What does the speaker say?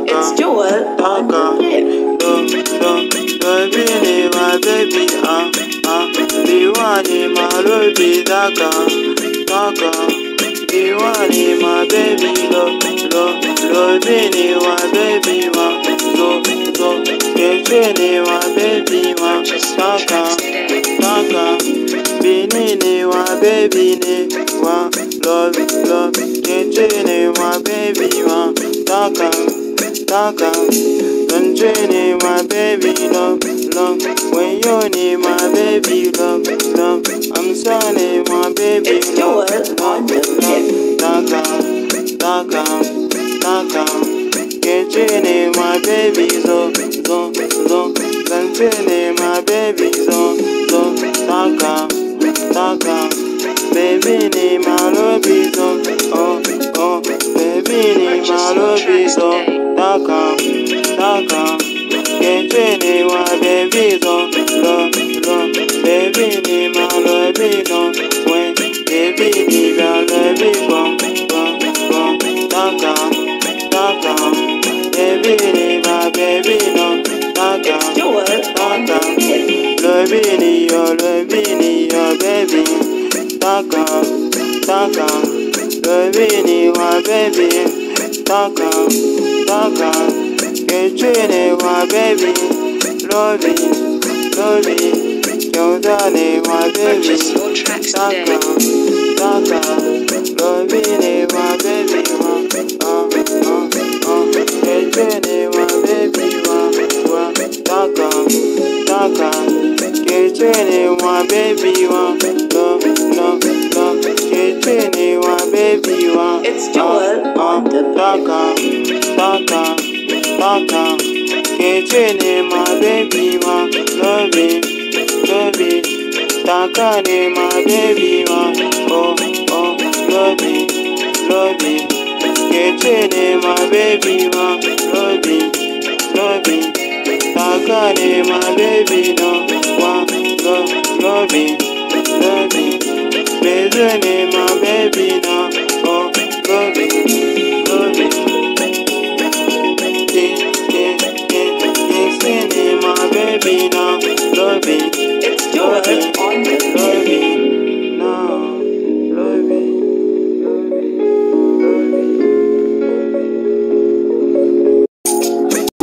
It's Joel. Taka. my baby. Ah, ah. one in my Taka. one in my baby. Love, love, love. Be my baby. Ma. Get my baby. Ma. Taka. Taka. Be my baby. Ne. Love, love. Get my baby. Taka talker. Don't drain it, my baby love, love. When you need my baby love, love. I'm sorry, my baby love, love, love. Talker, talker, talker. Get you need my baby so, so, so. Don't you need my baby so, so. Talker, talker. Baby need my love so, oh, oh. Baby need my love so. Talk on, baby, on. Between the one baby don't love, love. Baby ni baby love me no. When baby ni baby love me bon, bon, bon. Talk on, talk on. Baby ni ma baby no. Talk on, talk on. Love me ni yo, love me ni yo, baby. Talk on, talk on. Love me ni wa baby. Talk on. Baba, Kechene my baby, Lovi, Lovi, daddy, my baby, Saka, Saka, Lovi ne wa baby, wa, oh, oh, oh, Kechene my, baby, wa, Saka, Saka, Kechene my baby, wa, no, no, no, Kechene baby one. It's Joel on the Taka, Taka, Taka. Kitchen my baby one. Love it, love it. Taka in my baby one. Oh, oh, love it, love it. Kitchen my baby one. Love it, love it. Taka in my baby oh, oh, no.